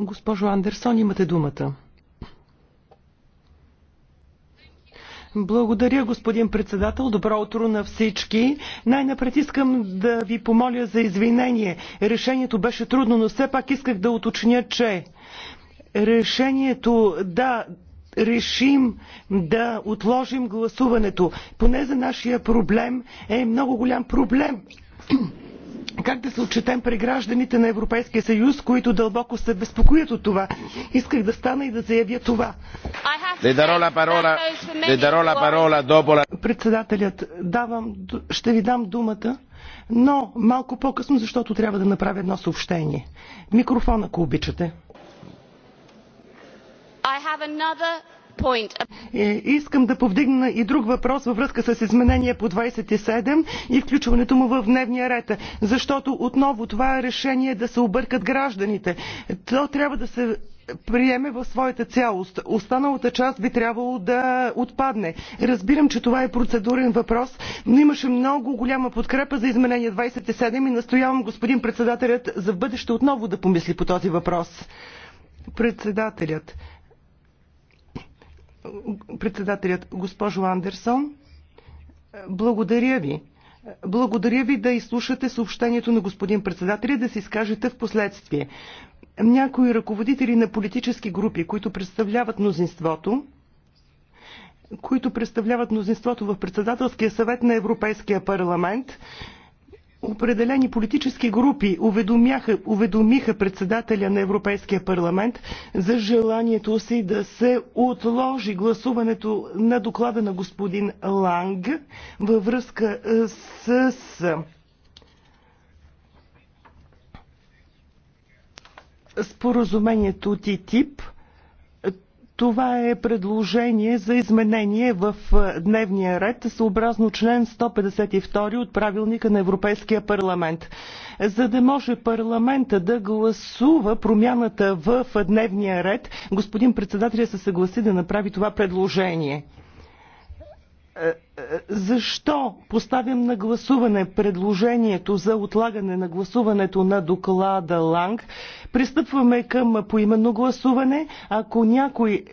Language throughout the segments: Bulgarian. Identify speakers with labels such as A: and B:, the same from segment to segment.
A: Госпожо Андерсон, имате думата. Благодаря, господин председател. Добро утро на всички. Най-напред искам да ви помоля за извинение. Решението беше трудно, но все пак исках да уточня, че решението да решим да отложим гласуването, поне за нашия проблем, е много голям проблем как да се отчетем при гражданите на Европейския съюз, които дълбоко се безпокоят от това. Исках да стана и да заявя това. Председателят, давам, ще ви дам думата, но малко по-късно, защото трябва да направя едно съобщение. Микрофон, ако обичате.
B: I have another
A: е, искам да повдигна и друг въпрос във връзка с изменение по 27 и включването му в дневния ред, защото отново това е решение да се объркат гражданите. То трябва да се приеме в своята цялост. Останалата част би трябвало да отпадне. Разбирам, че това е процедурен въпрос, но имаше много голяма подкрепа за изменение 27 и настоявам господин председателят за бъдеще отново да помисли по този въпрос. Председателят. Председателят госпожо Андерсон, благодаря ви. Благодаря ви да изслушате съобщението на господин председателя, да се изкажете в последствие. Някои ръководители на политически групи, които представляват мнозинството, които представляват мнозинството в председателския съвет на Европейския парламент, Определени политически групи уведомяха, уведомиха председателя на Европейския парламент за желанието си да се отложи гласуването на доклада на господин Ланг във връзка е, с споразумението ТИТИП. Това е предложение за изменение в дневния ред съобразно член 152 от правилника на Европейския парламент. За да може парламента да гласува промяната в дневния ред, господин председателя се съгласи да направи това предложение защо поставям на гласуване предложението за отлагане на гласуването на доклада Ланг? Пристъпваме към поименно гласуване. Ако някой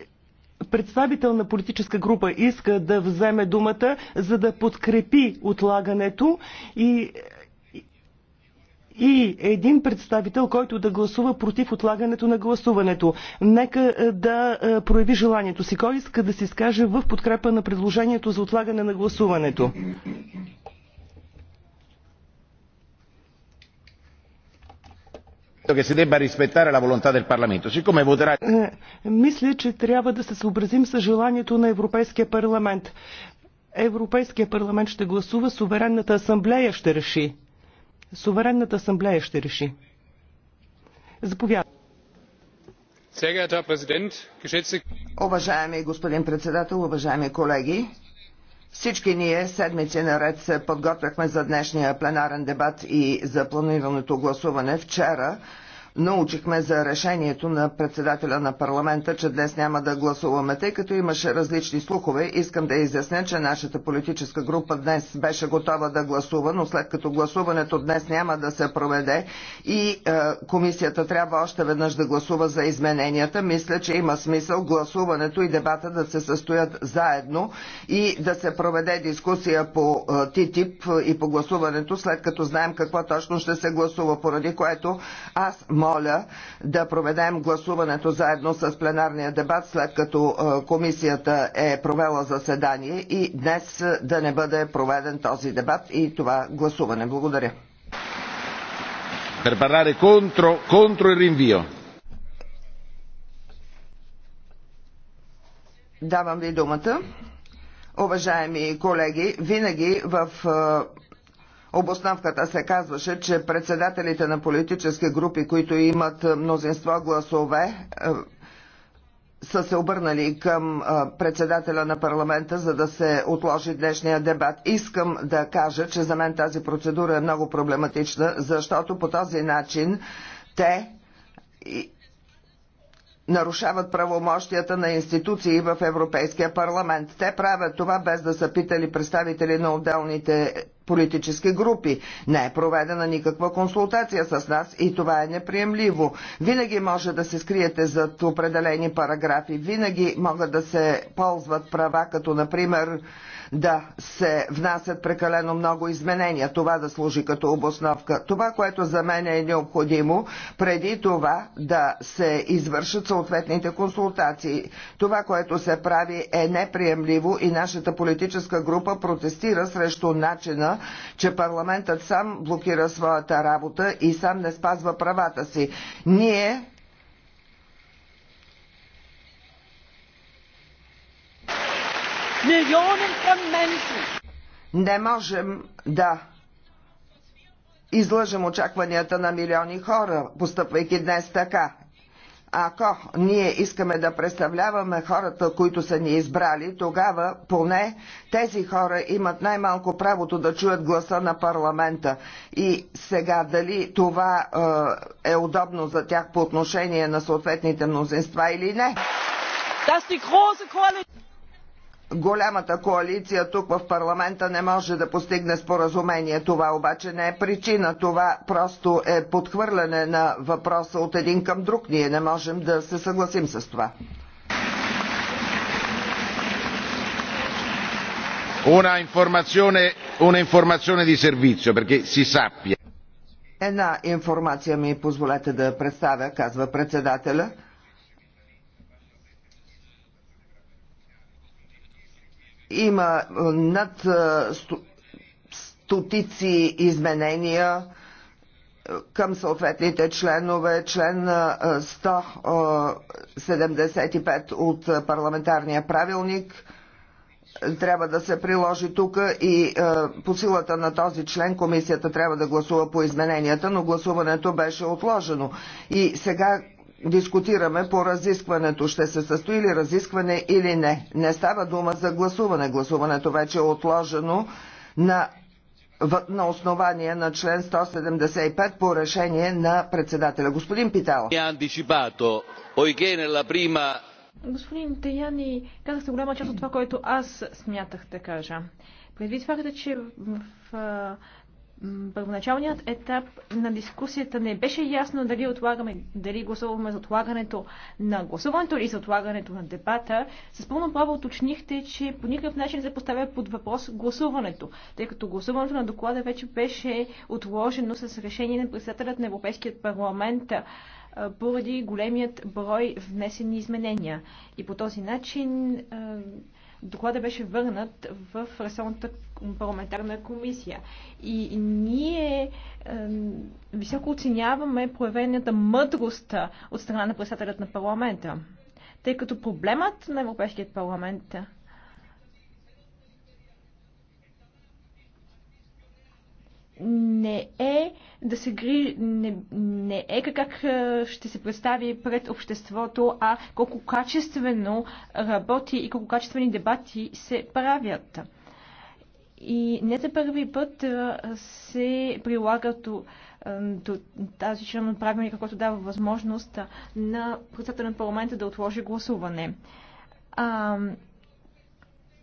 A: представител на политическа група иска да вземе думата, за да подкрепи отлагането и и един представител, който да гласува против отлагането на гласуването. Нека е, да е, прояви желанието си. Кой иска да се изкаже в подкрепа на предложението за отлагане на гласуването? che si
B: debba rispettare la volontà del Parlamento. Siccome voterà... Е,
A: мисля, че трябва да се съобразим с желанието на Европейския парламент. Европейския парламент ще гласува, суверенната асамблея ще реши. Суверенната асамблея ще реши.
B: Заповядайте. Уважаеми господин председател, уважаеми колеги, всички ние седмици наред се подготвяхме за днешния пленарен дебат и за планираното гласуване. Вчера научихме за решението на председателя на парламента, че днес няма да гласуваме. Тъй като имаше различни слухове, искам да изясня, че нашата политическа група днес беше готова да гласува, но след като гласуването днес няма да се проведе и е, комисията трябва още веднъж да гласува за измененията, мисля, че има смисъл гласуването и дебата да се състоят заедно и да се проведе дискусия по е, ТИТИП и по гласуването, след като знаем какво точно ще се гласува, поради което аз моля да проведем гласуването заедно с пленарния дебат, след като е, комисията е провела заседание и днес да не бъде проведен този дебат и това гласуване. Благодаря. Per parlare contro, contro il rinvio. Давам ви думата. Уважаеми колеги, винаги в е, Обосновката се казваше, че председателите на политически групи, които имат мнозинство гласове, е, са се обърнали към е, председателя на парламента, за да се отложи днешния дебат. Искам да кажа, че за мен тази процедура е много проблематична, защото по този начин те нарушават правомощията на институции в Европейския парламент. Те правят това без да са питали представители на отделните политически групи. Не е проведена никаква консултация с нас и това е неприемливо. Винаги може да се скриете зад определени параграфи, винаги могат да се ползват права, като например да се внасят прекалено много изменения, това да служи като обосновка. Това, което за мен е необходимо, преди това да се извършат съответните консултации. Това, което се прави е неприемливо и нашата политическа група протестира срещу начина, че парламентът сам блокира своята работа и сам не спазва правата си. Ние Millionen von Menschen. Не можем да излъжем очакванията на милиони хора, постъпвайки днес така. Ако ние искаме да представляваме хората, които са ни избрали, тогава поне тези хора имат най-малко правото да чуят гласа на парламента. И сега дали това е, е удобно за тях по отношение на съответните мнозинства или не голямата коалиция тук в парламента не може да постигне споразумение. Това обаче не е причина. Това просто е подхвърляне на въпроса от един към друг. Ние не можем да се съгласим с това. Una informazione, una informazione di servizio, perché si sappia. Една информация ми позволете да представя, казва председателя. Има е, над е, стотици изменения е, към съответните членове, член 175 от парламентарния правилник трябва да се приложи тук и по силата на този член комисията трябва да гласува по измененията, но гласуването беше отложено. И сега дискутираме по разискването. Ще се състои ли разискване или не. Не става дума за гласуване. Гласуването вече е отложено на, на основание на член 175 по решение на председателя. Господин Питал.
A: Е
C: Господин Таяни, казахте голяма част от това, което аз смятах да кажа. Предвид факта, че в, в, в първоначалният етап на дискусията не беше ясно дали, отлагаме, дали гласуваме за отлагането на гласуването или за отлагането на дебата. С пълно право уточнихте, че по никакъв начин се поставя под въпрос гласуването, тъй като гласуването на доклада вече беше отложено с решение на председателят на Европейският парламент поради големият брой внесени изменения. И по този начин Докладът беше върнат в ресорната парламентарна комисия. И ние високо оценяваме проявената мъдрост от страна на председателят на парламента. Тъй като проблемът на Европейският парламент не е да се гри... не, не е как ще се представи пред обществото, а колко качествено работи и колко качествени дебати се правят. И не за първи път се прилага до, до тази член от правилника, който дава възможност на председателя на парламента да отложи гласуване. А,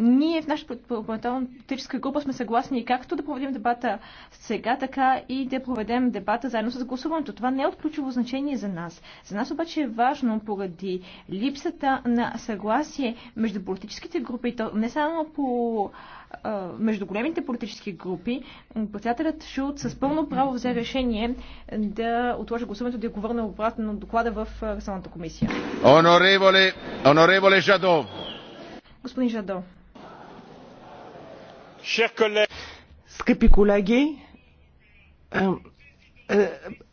C: ние в нашата политическа група сме съгласни както да проведем дебата сега, така и да проведем дебата заедно с гласуването. Това не е от ключово значение за нас. За нас обаче е важно поради липсата на съгласие между политическите групи, то не само по между големите политически групи, председателят Шулт с пълно право взе решение да отложи гласуването, да го обратно на доклада в Ресалната комисия.
B: Honorable, honorable Господин Жадо. Скъпи
A: колеги, е,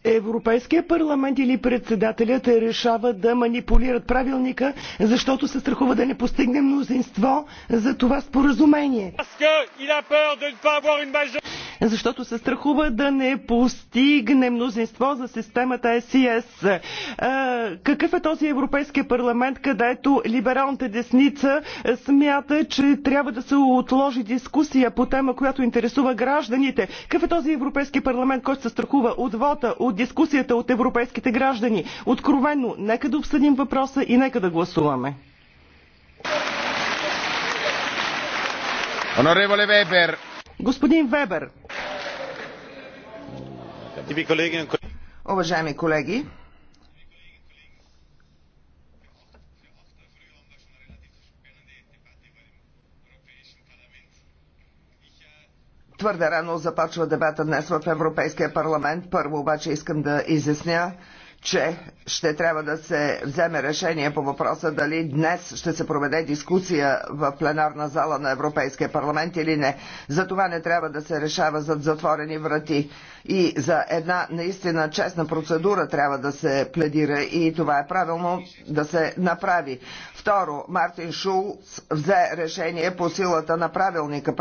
A: Европейския парламент или председателят решават да манипулират правилника, защото се страхува да не постигне мнозинство за това споразумение. Защото се страхува да не постигне мнозинство за системата СИС. Какъв е този Европейския парламент, където либералната десница смята, че трябва да се отложи дискусия по тема, която интересува гражданите? Какъв е този Европейски парламент, който се страхува от вота, от дискусията от европейските граждани. Откровенно, нека да обсъдим въпроса и нека да гласуваме.
B: Вебер. Господин Вебер. Уважаеми колеги, Твърде рано започва дебата днес в Европейския парламент. Първо обаче искам да изясня, че ще трябва да се вземе решение по въпроса дали днес ще се проведе дискусия в пленарна зала на Европейския парламент или не. За това не трябва да се решава зад затворени врати. И за една наистина честна процедура трябва да се пледира и това е правилно да се направи. Второ, Мартин Шулц взе решение по силата на правилника.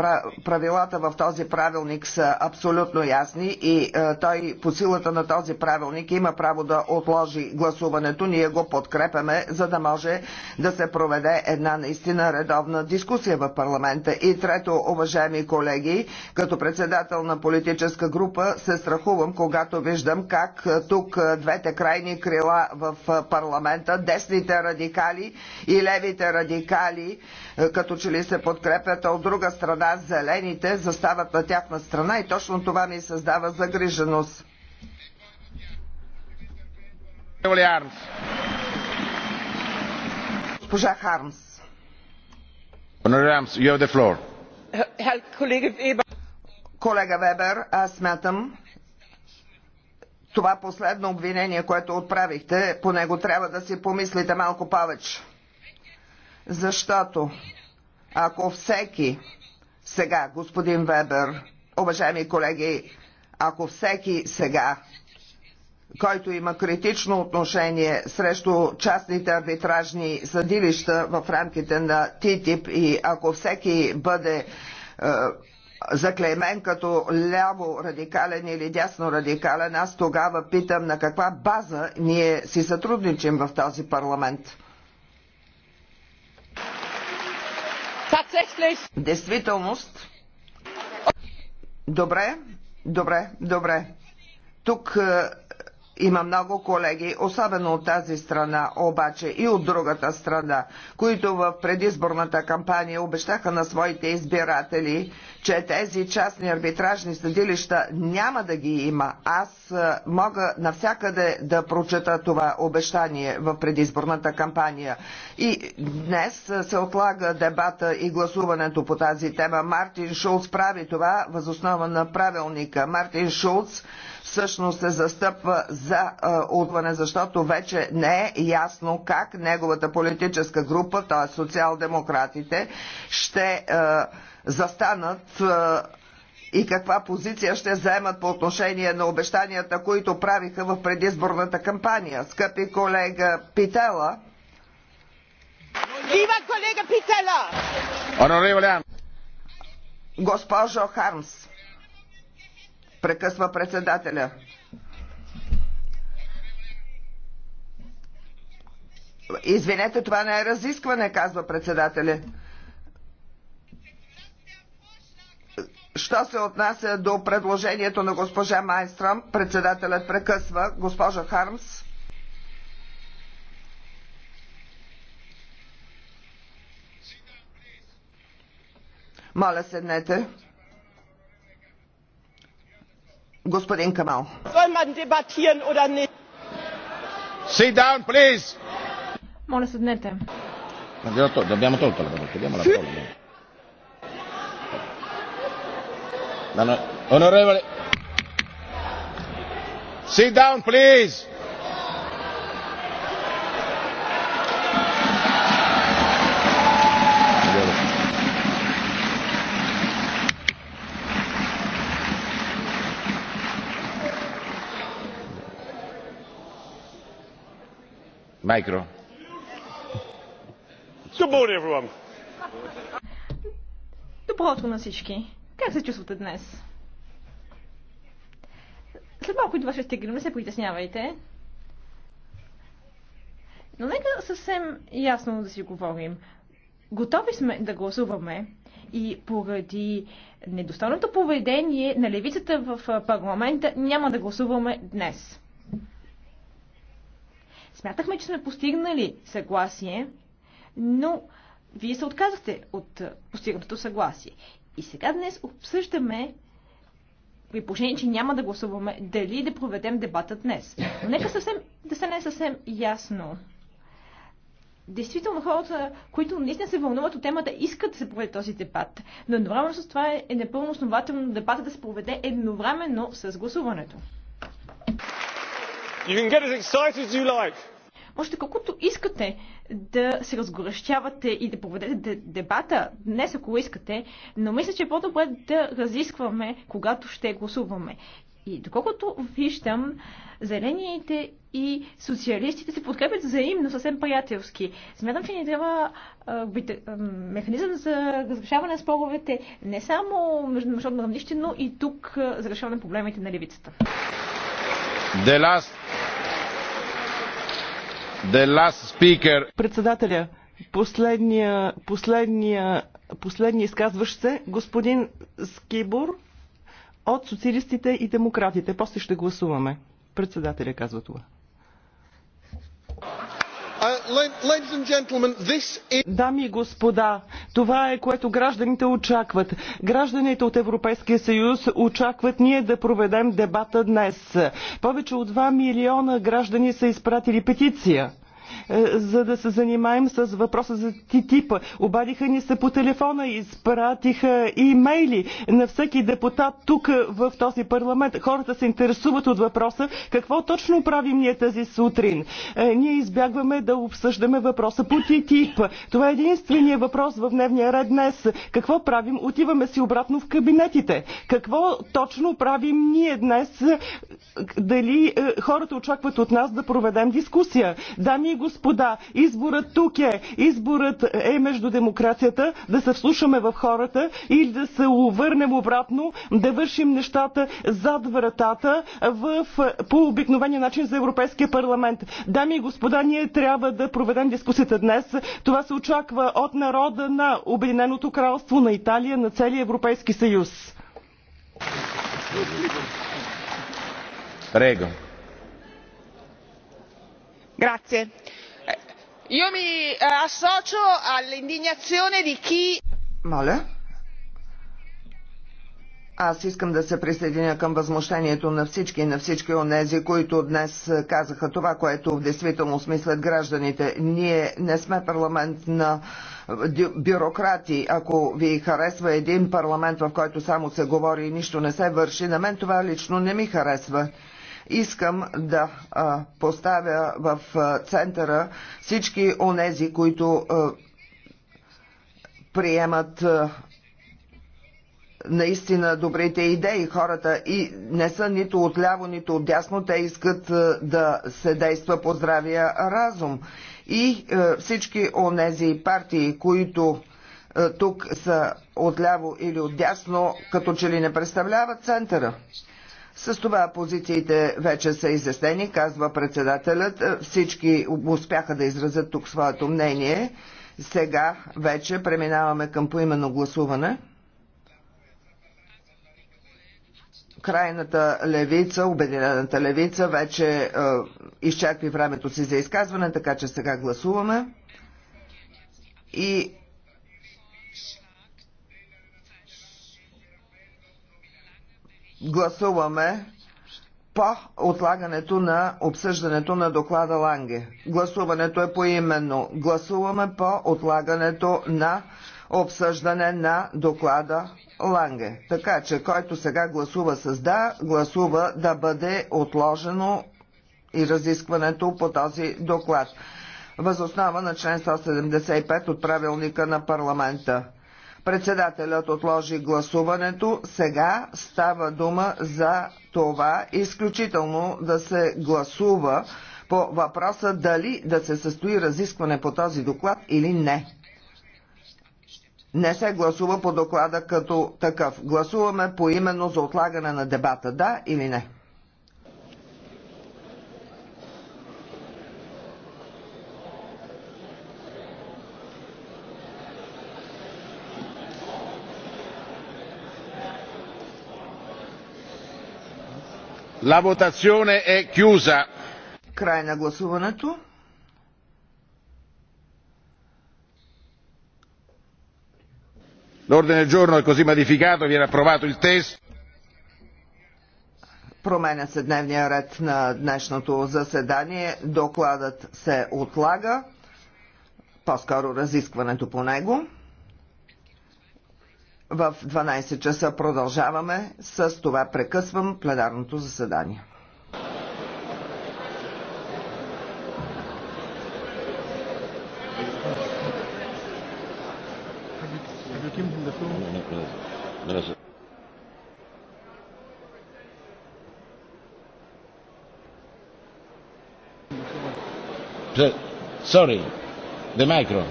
B: Правилата в този правилник са абсолютно ясни и е, той по силата на този правилник има право да отложи гласуването. Ние го подкрепяме, за да може да се проведе една наистина редовна дискусия в парламента. И трето, уважаеми колеги, като председател на политическа група се страхувам, когато виждам как тук двете крайни крила в парламента, десните радикали и левите радикали, като че ли се подкрепят, а от друга страна зелените застават на тяхна страна и точно това ни създава загриженост. Госпожа Хармс. Колега Вебер, аз смятам, това последно обвинение, което отправихте, по него трябва да си помислите малко повече. Защото ако всеки, сега господин Вебер, уважаеми колеги, ако всеки сега който има критично отношение срещу частните арбитражни съдилища в рамките на ТИТИП и ако всеки бъде е, заклеймен като ляво радикален или дясно радикален, аз тогава питам на каква база ние си сътрудничим в този парламент. Действителност. Добре, добре, добре. Тук е, има много колеги, особено от тази страна, обаче и от другата страна, които в предизборната кампания обещаха на своите избиратели, че тези частни арбитражни съдилища няма да ги има. Аз мога навсякъде да прочета това обещание в предизборната кампания. И днес се отлага дебата и гласуването по тази тема. Мартин Шулц прави това възоснова на правилника. Мартин Шулц всъщност се застъпва за отване, защото вече не е ясно как неговата политическа група, т.е. социал-демократите, ще застанат и каква позиция ще заемат по отношение на обещанията, които правиха в предизборната кампания. Скъпи колега Питела. Вива колега Питела! Госпожо Хармс. Прекъсва председателя. Извинете, това не е разискване, казва председателя. Що се отнася до предложението на госпожа Майстрам, председателят прекъсва госпожа Хармс. Моля, седнете. Господин Камал.
C: Sit down, please. Моля, седнете.
B: Dobbiamo tolto la parola,
C: togliamo la parola. Sit down, please. Micro.
A: Good morning, everyone.
C: Добро утро на всички. Как се чувствате днес? След малко това ще стигнем, не се притеснявайте. Но нека съвсем ясно да си говорим. Готови сме да гласуваме и поради недостойното поведение на левицата в парламента няма да гласуваме днес. Смятахме, че сме постигнали съгласие, но вие се отказахте от постигнатото съгласие. И сега днес обсъждаме при положение, че няма да гласуваме, дали да проведем дебата днес. Но нека съвсем, да се не е съвсем ясно. Действително хората, които наистина се вълнуват от темата, искат да се проведе този дебат. Но едновременно с това е, е непълно основателно дебата да се проведе едновременно с гласуването.
A: Like.
C: Можете колкото искате да се разгорещявате и да поведете дебата днес, ако искате, но мисля, че е по-добре да разискваме, когато ще гласуваме. И доколкото виждам, зелените и социалистите се подкрепят взаимно, съвсем приятелски. Смятам, че ни трябва а, бит, а, механизъм за разрешаване на споровете не само между международно равнище, но и тук а,
A: за решаване на проблемите на левицата. The last Председателя, последния, последния, последния изказващ се, господин Скибор от социалистите и демократите. После ще гласуваме. Председателя казва това. Дами и господа, това е което гражданите очакват. Гражданите от Европейския съюз очакват ние да проведем дебата днес. Повече от 2 милиона граждани са изпратили петиция. Е, за да се занимаем с въпроса за ТТИП. Обадиха ни се по телефона, изпратиха имейли на всеки депутат тук е, в този парламент. Хората се интересуват от въпроса какво точно правим ние тази сутрин. Е, ние избягваме да обсъждаме въпроса по ТТИП. Това е единствения въпрос в дневния ред днес. Какво правим? Отиваме си обратно в кабинетите. Какво точно правим ние днес? Дали хората очакват от нас да проведем дискусия? Дами и господа, изборът тук е. Изборът е между демокрацията, да се вслушаме в хората или да се увърнем обратно, да вършим нещата зад вратата в, по обикновения начин за Европейския парламент. Дами и господа, ние трябва да проведем дискусията днес. Това се очаква от народа на Обединеното кралство, на Италия, на целия Европейски съюз.
B: Prego io mi eh, associo all'indignazione di chi. Моля. Аз искам да се присъединя към възмущението на всички и на всички онези, които днес казаха това, което в действителност мислят гражданите. Ние не сме парламент на бюрократи. Ако ви харесва един парламент, в който само се говори и нищо не се върши, на мен това лично не ми харесва. Искам да поставя в центъра всички онези, които приемат наистина добрите идеи. Хората и не са нито от ляво, нито от дясно. Те искат да се действа по здравия разум. И всички онези партии, които тук са отляво или отдясно, като че ли не представляват центъра. С това позициите вече са изяснени, казва председателят. Е, всички успяха да изразят тук своето мнение. Сега вече преминаваме към поименно гласуване. крайната левица, обединената левица, вече е, изчерпи времето си за изказване, така че сега гласуваме. И гласуваме по отлагането на обсъждането на доклада Ланге. Гласуването е поименно. Гласуваме по отлагането на обсъждане на доклада Ланге. Така че, който сега гласува с да, гласува да бъде отложено и разискването по този доклад. Възоснова на член 175 от правилника на парламента. Председателят отложи гласуването. Сега става дума за това изключително да се гласува по въпроса дали да се състои разискване по този доклад или не. Не се гласува по доклада като такъв. Гласуваме поименно за отлагане на дебата, да или не. La votazione è chiusa. Край на гласуването. L'ordine del giorno è così modificato, viene approvato il testo. Променя се дневния ред на днешното заседание. Докладът се отлага, по-скоро разискването по него. В 12 часа продължаваме. С това прекъсвам пленарното заседание.
C: sorry the micro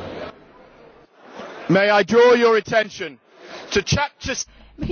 C: may i draw your attention to chapter.